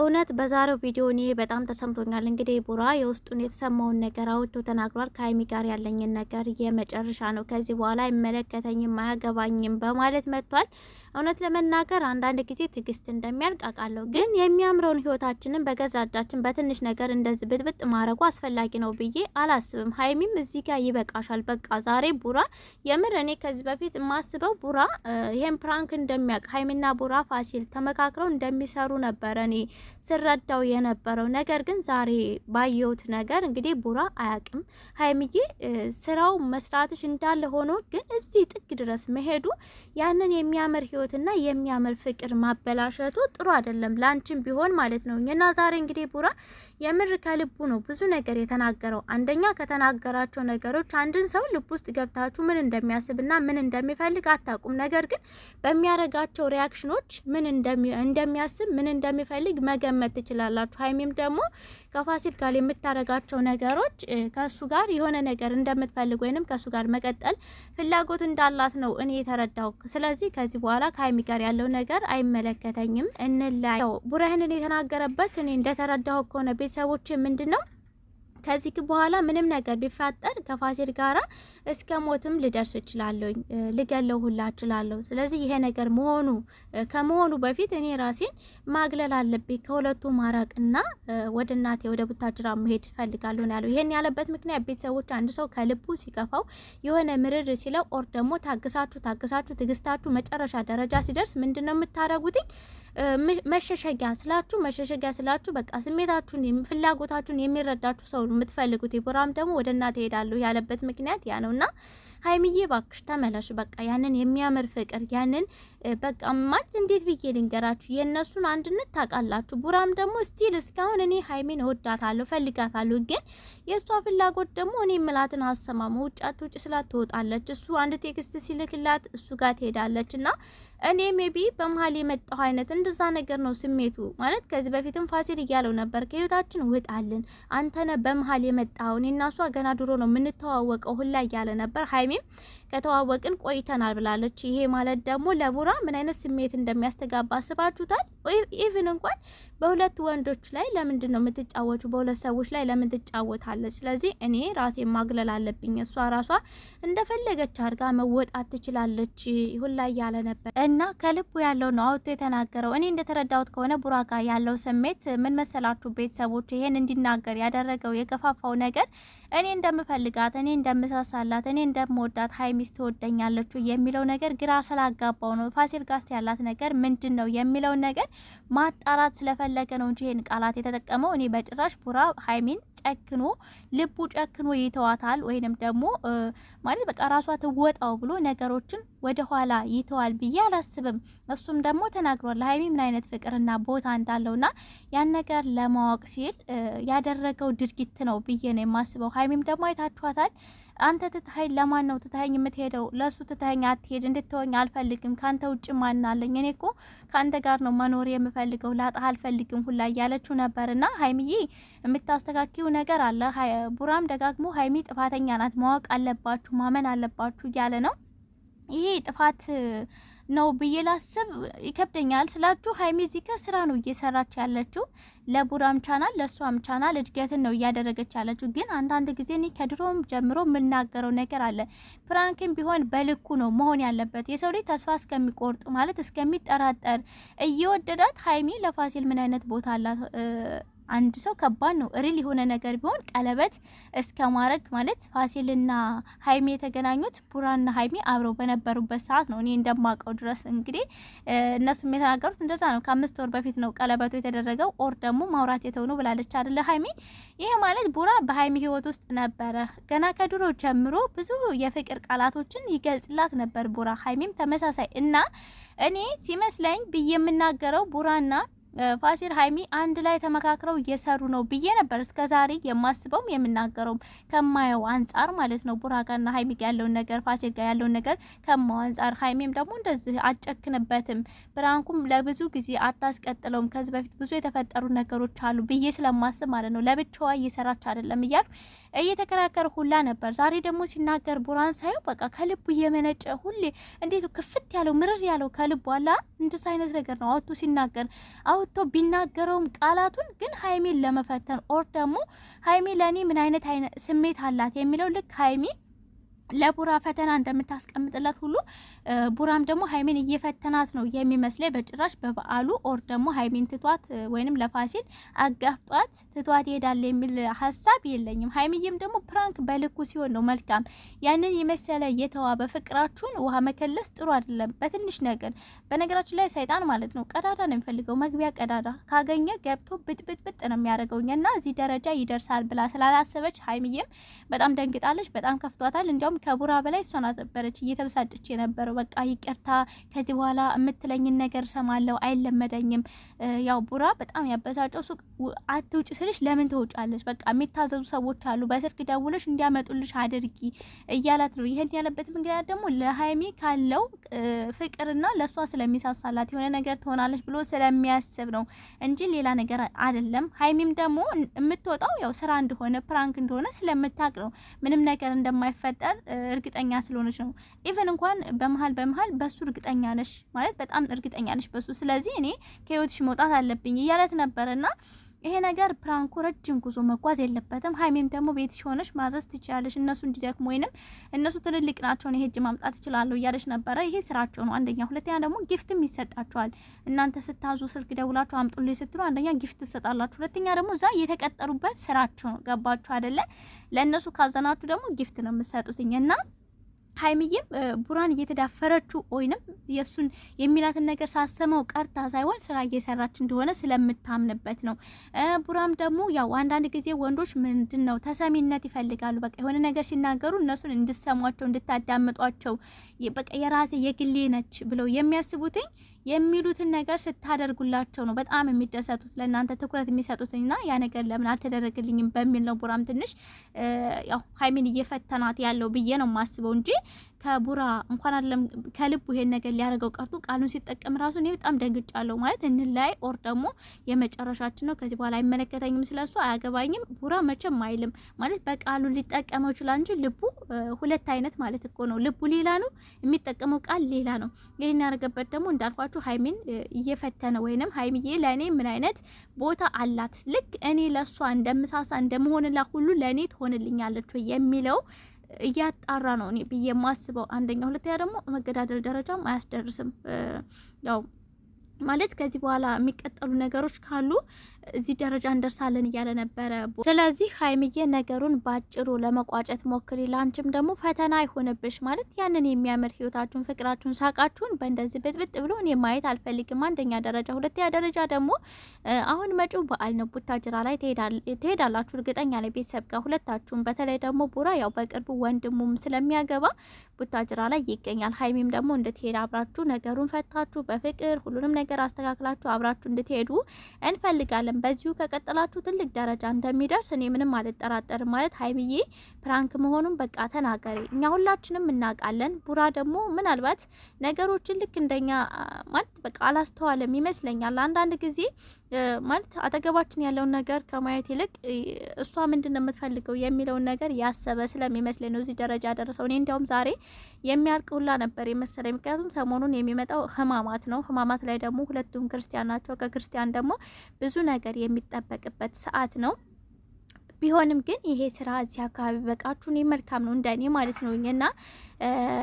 እውነት በዛሬው ቪዲዮ እኔ በጣም ተሰምቶኛል። እንግዲህ ቡራ የውስጡን የተሰማውን ነገር አውጥቶ ተናግሯል። ከሀይሚ ጋር ያለኝን ነገር የመጨረሻ ነው፣ ከዚህ በኋላ አይመለከተኝም፣ አያገባኝም በማለት መጥቷል። እውነት ለመናገር አንዳንድ ጊዜ ትግስት እንደሚያልቅ አውቃለሁ፣ ግን የሚያምረውን ህይወታችንን በገዛ እጃችን በትንሽ ነገር እንደዚህ ብጥብጥ ማድረጉ አስፈላጊ ነው ብዬ አላስብም። ሀይሚም እዚህ ጋር ይበቃሻል፣ በቃ ዛሬ ቡራ የምር እኔ ከዚህ በፊት የማስበው ቡራ ይሄን ፕራንክ እንደሚያውቅ ሀይሚና ቡራ ፋሲል ተመካክረው እንደሚሰሩ ነበረ እኔ ስረዳው የነበረው። ነገር ግን ዛሬ ባየሁት ነገር እንግዲህ ቡራ አያውቅም። ሀይሚዬ ስራው መስራትሽ እንዳለ ሆኖ ግን እዚህ ጥግ ድረስ መሄዱ ያንን የሚያምር ህይወት ህይወትና የሚያምር ፍቅር ማበላሸቱ ጥሩ አይደለም፣ ላንቺም ቢሆን ማለት ነው እና ዛሬ እንግዲህ ቡራ የምር ከልቡ ነው ብዙ ነገር የተናገረው። አንደኛ ከተናገራቸው ነገሮች አንድን ሰው ልብ ውስጥ ገብታችሁ ምን እንደሚያስብና ምን እንደሚፈልግ አታቁም። ነገር ግን በሚያረጋቸው ሪያክሽኖች ምን እንደሚያስብ ምን እንደሚፈልግ መገመት ትችላላችሁ። ሀይሚም ደግሞ ከፋሲል ጋር የምታረጋቸው ነገሮች ከእሱ ጋር የሆነ ነገር እንደምትፈልግ ወይንም ከእሱ ጋር መቀጠል ፍላጎት እንዳላት ነው እኔ የተረዳው። ስለዚህ ከዚህ በኋላ ከሀይሚ ጋር ያለው ነገር አይመለከተኝም እንለያው። ቡረህንን የተናገረበት እኔ እንደተረዳሁ ከሆነ ቤተሰቦች ምንድን ነው ከዚህ በኋላ ምንም ነገር ቢፈጠር ከፋሲል ጋራ እስከ ሞትም ልደርስ እችላለሁ፣ ልገለው ሁላ እችላለሁ። ስለዚህ ይሄ ነገር መሆኑ ከመሆኑ በፊት እኔ ራሴን ማግለል አለብኝ፣ ከሁለቱ ማራቅና ወደ እናቴ ወደ ቡታጅራ መሄድ እፈልጋለሁ ያለው። ይሄን ያለበት ምክንያት ቤተሰቦች አንድ ሰው ከልቡ ሲከፋው የሆነ ምርር ሲለው ኦር ደግሞ ታግሳችሁ ታግሳችሁ ትግስታችሁ መጨረሻ ደረጃ ሲደርስ ምንድነው የምታደርጉትኝ? መሸሸጊያ ስላችሁ መሸሸጊያ ስላችሁ በቃ ስሜታችሁን ፍላጎታችሁን የሚረዳችሁ ሰው የምትፈልጉት ቡራም ደግሞ ወደ እናት ሄዳለሁ ያለበት ምክንያት ያ ነውና ሀይሚዬ ባክሽ ተመለሽ። በቃ ያንን የሚያምር ፍቅር ያንን በቃ ማለት እንዴት ብዬ ልንገራችሁ፣ የእነሱን አንድነት ታውቃላችሁ። ቡራም ደግሞ ስቲል እስካሁን እኔ ሀይሜን እወዳታለሁ ፈልጋታለሁ። ግን የእሷ ፍላጎት ደግሞ እኔ ምላትን አሰማሙ ውጫት ውጭ ስላት ትወጣለች። እሱ አንድ ቴክስት ሲልክላት እሱ ጋር ትሄዳለች እና እኔ ሜቢ በመሀል የመጣሁ አይነት እንደዛ ነገር ነው ስሜቱ። ማለት ከዚህ በፊትም ፋሲል እያለው ነበር፣ ከህይወታችን ውጣልን፣ አንተነ በመሀል የመጣው እኔ እና እሷ ገና ድሮ ነው የምንተዋወቀው ሁላ እያለ ነበር። ሀይሜም ከተዋወቅን ቆይተናል ብላለች። ይሄ ማለት ደግሞ ለቡራ ምን አይነት ስሜት እንደሚያስተጋባ አስባችሁታል? ኢቭን እንኳን በሁለት ወንዶች ላይ ለምንድን ነው የምትጫወቱ? በሁለት ሰዎች ላይ ለምን ትጫወታለች? ስለዚህ እኔ ራሴ ማግለል አለብኝ። እሷ ራሷ እንደፈለገች አድርጋ መወጣት ትችላለች ሁላ እያለ ነበር እና ከልቡ ያለው ነው አውጥቶ የተናገረው። እኔ እንደተረዳሁት ከሆነ ቡራ ጋር ያለው ስሜት ምን መሰላችሁ ቤተሰቦች? ይሄን እንዲናገር ያደረገው የገፋፋው ነገር እኔ እንደምፈልጋት፣ እኔ እንደምሳሳላት፣ እኔ እንደምወዳት ሀይሚ ወይስ ትወደኛለች የሚለው ነገር ግራ ስላጋባው ነው። ፋሲል ጋስ ያላት ነገር ምንድን ነው የሚለውን ነገር ማጣራት ስለፈለገ ነው እንጂ ይህን ቃላት የተጠቀመው እኔ በጭራሽ ቡራ ሀይሚን ጨክኖ ልቡ ጨክኖ ይተዋታል ወይንም ደግሞ ማለት በቃ ራሷ ትወጣው ብሎ ነገሮችን ወደ ኋላ ይተዋል ብዬ አላስብም። እሱም ደግሞ ተናግሯል ለሀይሚ ምን አይነት ፍቅርና ቦታ እንዳለውና ያን ነገር ለማወቅ ሲል ያደረገው ድርጊት ነው ብዬ ነው የማስበው። ሀይሚም ደግሞ አይታችኋታል። አንተ ትትሀኝ ለማን ነው ትትሀኝ የምትሄደው? ለእሱ ትትሀኝ አትሄድ፣ እንድትወኝ አልፈልግም። ከአንተ ውጭ ማን አለኝ? እኔ እኮ ከአንተ ጋር ነው መኖር የምፈልገው፣ ላጣህ አልፈልግም ሁላ እያለችው ና ሀይሚዬ የምታስተካኪው ነገር አለ። ቡራም ደጋግሞ ሀይሚ ጥፋተኛ ናት፣ ማወቅ አለባችሁ፣ ማመን አለባችሁ እያለ ነው ይሄ ጥፋት ነው ብዬ ላስብ ይከብደኛል። ስላችሁ ሀይሚ እዚህ ጋር ስራ ነው እየሰራች ያለችው፣ ለቡራም ቻናል ለእሷም ቻናል እድገትን ነው እያደረገች ያለችው። ግን አንዳንድ ጊዜ እኔ ከድሮም ጀምሮ የምናገረው ነገር አለ። ፕራንክም ቢሆን በልኩ ነው መሆን ያለበት። የሰው ልጅ ተስፋ እስከሚቆርጥ ማለት እስከሚጠራጠር እየወደዳት ሀይሚ ለፋሲል ምን አይነት ቦታ አላት አንድ ሰው ከባድ ነው። ሪል የሆነ ነገር ቢሆን ቀለበት እስከ ማድረግ ማለት ፋሲልና ሀይሜ የተገናኙት ቡራና ሀይሜ አብረው በነበሩበት ሰዓት ነው። እኔ እንደማውቀው ድረስ እንግዲህ እነሱም የተናገሩት እንደዛ ነው። ከአምስት ወር በፊት ነው ቀለበቱ የተደረገው። ኦር ደግሞ ማውራት የተሆኑ ብላለች አደለ ሀይሜ። ይህ ማለት ቡራ በሀይሜ ህይወት ውስጥ ነበረ ገና ከድሮ ጀምሮ ብዙ የፍቅር ቃላቶችን ይገልጽላት ነበር ቡራ። ሀይሜም ተመሳሳይ እና እኔ ሲመስለኝ ብዬ የምናገረው ቡራና ፋሲል ሀይሚ አንድ ላይ ተመካክረው እየሰሩ ነው ብዬ ነበር እስከ ዛሬ የማስበውም የምናገረውም ከማየው አንጻር ማለት ነው። ቡራ ጋርና ሀይሚ ጋ ያለውን ነገር ፋሲል ጋር ያለውን ነገር ከማው አንጻር ሀይሚም ደግሞ እንደዚህ አጨክንበትም፣ ብራንኩም ለብዙ ጊዜ አታስቀጥለውም። ከዚህ በፊት ብዙ የተፈጠሩ ነገሮች አሉ ብዬ ስለማስብ ማለት ነው። ለብቻዋ እየሰራች አይደለም እያሉ እየተከራከረ ሁላ ነበር። ዛሬ ደግሞ ሲናገር ቡራን ሳየው በቃ ከልቡ እየመነጨ ሁሌ እንዴት ክፍት ያለው ምርር ያለው ከልቡ አላ እንድስ አይነት ነገር ነው አውቶ ሲናገር አው ወጥቶ ቢናገረውም ቃላቱን ግን ሀይሚን ለመፈተን ኦር ደግሞ ሀይሚ ለእኔ ምን አይነት ስሜት አላት የሚለው ልክ ሀይሚ ለቡራ ፈተና እንደምታስቀምጥለት ሁሉ ቡራም ደግሞ ሀይሜን እየፈተናት ነው የሚመስለኝ። በጭራሽ በበዓሉ ኦር ደግሞ ሀይሜን ትቷት ወይንም ለፋሲል አጋፍጧት ትቷት ይሄዳል የሚል ሀሳብ የለኝም። ሀይሜዬም ደግሞ ፕራንክ በልኩ ሲሆን ነው መልካም። ያንን የመሰለ የተዋበ ፍቅራችሁን ውሃ መከለስ ጥሩ አይደለም፣ በትንሽ ነገር። በነገራችን ላይ ሰይጣን ማለት ነው ቀዳዳ ነው የሚፈልገው፣ መግቢያ ቀዳዳ ካገኘ ገብቶ ብጥብጥብጥ ነው የሚያደርገውኝ እና እዚህ ደረጃ ይደርሳል ብላ ስላላሰበች ሀይሜዬም በጣም ደንግጣለች፣ በጣም ከፍቷታል። እንዲያውም ከቡራ በላይ እሷ ነበረች እየተበሳጨች የነበረው በቃ ይቅርታ፣ ከዚህ በኋላ የምትለኝን ነገር ሰማለው አይለመደኝም። ያው ቡራ በጣም ያበሳጨው ሱቅ አትውጭ ስልሽ ለምን ትውጫለች? በቃ የሚታዘዙ ሰዎች አሉ፣ በስልክ ደውለሽ እንዲያመጡልሽ አድርጊ እያላት ነው። ይህን ያለበት ምክንያት ደግሞ ለሀይሚ ካለው ፍቅርና ለእሷ ስለሚሳሳላት የሆነ ነገር ትሆናለች ብሎ ስለሚያስብ ነው እንጂ ሌላ ነገር አይደለም። ሀይሚም ደግሞ የምትወጣው ያው ስራ እንደሆነ ፕራንክ እንደሆነ ስለምታቅ ነው። ምንም ነገር እንደማይፈጠር እርግጠኛ ስለሆነች ነው ኢቨን እንኳን በመሀል በመሀል በመሀል በሱ እርግጠኛ ነሽ ማለት በጣም እርግጠኛ ነሽ በሱ ስለዚህ እኔ ከህይወትሽ መውጣት አለብኝ እያለት ነበረና ይሄ ነገር ፕራንኮ ረጅም ጉዞ መጓዝ የለበትም። ሀይሜም ደግሞ ቤትሽ ሆነሽ ማዘዝ ትችላለሽ። እነሱ እንዲደክሙ ወይንም እነሱ ትልልቅ ናቸውን ይሄ እጅ ማምጣት ይችላለሁ እያለሽ ነበረ። ይሄ ስራቸው ነው አንደኛ። ሁለተኛ ደግሞ ጊፍትም ይሰጣቸዋል። እናንተ ስታዙ ስልክ ደውላችሁ አምጡልኝ ስትሉ አንደኛ ጊፍት ትሰጣላችሁ፣ ሁለተኛ ደግሞ እዛ የተቀጠሩበት ስራቸው ነው። ገባችሁ አይደለ? ለእነሱ ካዘናችሁ ደግሞ ጊፍት ነው የምትሰጡትኝ እና ሀይሚዬም ቡራን እየተዳፈረችው ወይንም የእሱን የሚላትን ነገር ሳሰመው ቀርታ ሳይሆን ስራ እየሰራች እንደሆነ ስለምታምንበት ነው። ቡራም ደግሞ ያው አንዳንድ ጊዜ ወንዶች ምንድን ነው ተሰሚነት ይፈልጋሉ። በቃ የሆነ ነገር ሲናገሩ እነሱን እንድሰሟቸው እንድታዳምጧቸው በቃ የራሴ የግሌ ነች ብለው የሚያስቡትኝ የሚሉትን ነገር ስታደርጉላቸው ነው በጣም የሚደሰቱት፣ ለእናንተ ትኩረት የሚሰጡትና ያ ነገር ለምን አልተደረገልኝም በሚል ነው። ቡራም ትንሽ ያው ሀይሚን እየፈተናት ያለው ብዬ ነው ማስበው እንጂ ከቡራ እንኳን አለም ከልቡ ይሄን ነገር ሊያደርገው ቀርቶ ቃሉን ሲጠቀም ራሱ እኔ በጣም ደንግጫለሁ። ማለት እንላይ ኦር ደግሞ የመጨረሻችን ነው። ከዚህ በኋላ አይመለከተኝም፣ ስለሱ አያገባኝም። ቡራ መቼም አይልም ማለት በቃሉ ሊጠቀመው ይችላል እንጂ ልቡ ሁለት አይነት ማለት እኮ ነው። ልቡ ሌላ ነው፣ የሚጠቀመው ቃል ሌላ ነው። ይህን ያደረገበት ደግሞ እንዳልኳችሁ ሀይሚን እየፈተነ ወይንም ሀይሚዬ ለእኔ ምን አይነት ቦታ አላት ልክ እኔ ለእሷ እንደምሳሳ እንደመሆንላ ሁሉ ለእኔ ትሆንልኛለች የሚለው እያጣራ ነው እኔ ብዬ የማስበው አንደኛ። ሁለተኛ ደግሞ መገዳደል ደረጃም አያስደርስም ያው ማለት ከዚህ በኋላ የሚቀጠሉ ነገሮች ካሉ እዚህ ደረጃ እንደርሳለን እያለ ነበረ። ስለዚህ ሀይምዬ ነገሩን ባጭሩ ለመቋጨት ሞክሪ፣ ላንችም ደግሞ ፈተና አይሆንብሽ። ማለት ያንን የሚያምር ህይወታችሁን፣ ፍቅራችሁን፣ ሳቃችሁን በእንደዚህ ብጥብጥ ብሎ እኔ ማየት አልፈልግም። አንደኛ ደረጃ፣ ሁለተኛ ደረጃ ደግሞ አሁን መጪው በዓል ነው። ቡታጅራ ላይ ትሄዳላችሁ እርግጠኛ ነኝ ቤተሰብ ጋር ሁለታችሁም። በተለይ ደግሞ ቡራ ያው በቅርቡ ወንድሙም ስለሚያገባ ቡታጅራ ላይ ይገኛል። ሀይሚም ደግሞ እንድትሄድ አብራችሁ ነገሩን ፈታችሁ በፍቅር ሁሉንም ነገር ነገር አስተካክላችሁ አብራችሁ እንድትሄዱ እንፈልጋለን። በዚሁ ከቀጠላችሁ ትልቅ ደረጃ እንደሚደርስ እኔ ምንም አልጠራጠርም። ማለት ሀይሚዬ ፕራንክ መሆኑን በቃ ተናገሪ፣ እኛ ሁላችንም እናውቃለን። ቡራ ደግሞ ምናልባት ነገሮችን ልክ እንደኛ ማለት በቃ አላስተዋለም ይመስለኛል። አንዳንድ ጊዜ ማለት አጠገባችን ያለውን ነገር ከማየት ይልቅ እሷ ምንድን ነው የምትፈልገው የሚለውን ነገር ያሰበ ስለሚመስለኝ ነው እዚህ ደረጃ ያደረሰው። እኔ እንዲያውም ዛሬ የሚያልቅ ሁላ ነበር የመሰለኝ፣ ምክንያቱም ሰሞኑን የሚመጣው ህማማት ነው። ህማማት ላይ ደግሞ ደግሞ ሁለቱም ክርስቲያን ናቸው። ከክርስቲያን ደግሞ ብዙ ነገር የሚጠበቅበት ሰዓት ነው። ቢሆንም ግን ይሄ ስራ እዚህ አካባቢ በቃችሁን መልካም ነው እንደኔ ማለት ነው እና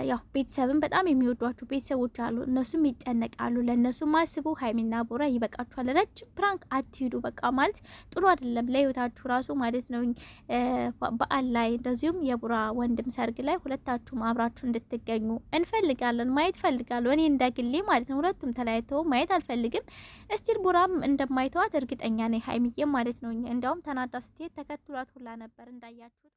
ያው ቤተሰብን በጣም የሚወዷቸው ቤተሰቦች አሉ። እነሱም ይጨነቃሉ። ለእነሱ ማስቡ። ሀይሚና ቦራ ይበቃችኋል። ረጅም ፕራንክ አትሂዱ። በቃ ማለት ጥሩ አይደለም ለህይወታችሁ ራሱ ማለት ነው። በዓል ላይ እንደዚሁም የቡራ ወንድም ሰርግ ላይ ሁለታችሁም አብራችሁ እንድትገኙ እንፈልጋለን። ማየት ፈልጋለሁ እኔ እንደግሌ ማለት ነው። ሁለቱም ተለያይተው ማየት አልፈልግም። እስቲል ቡራም እንደማይተዋት እርግጠኛ ነኝ ሀይሚዬ ማለት ነው። እንዲያውም ተናዳ ስትሄድ ተከትሏት ሁላ ነበር እንዳያችሁት።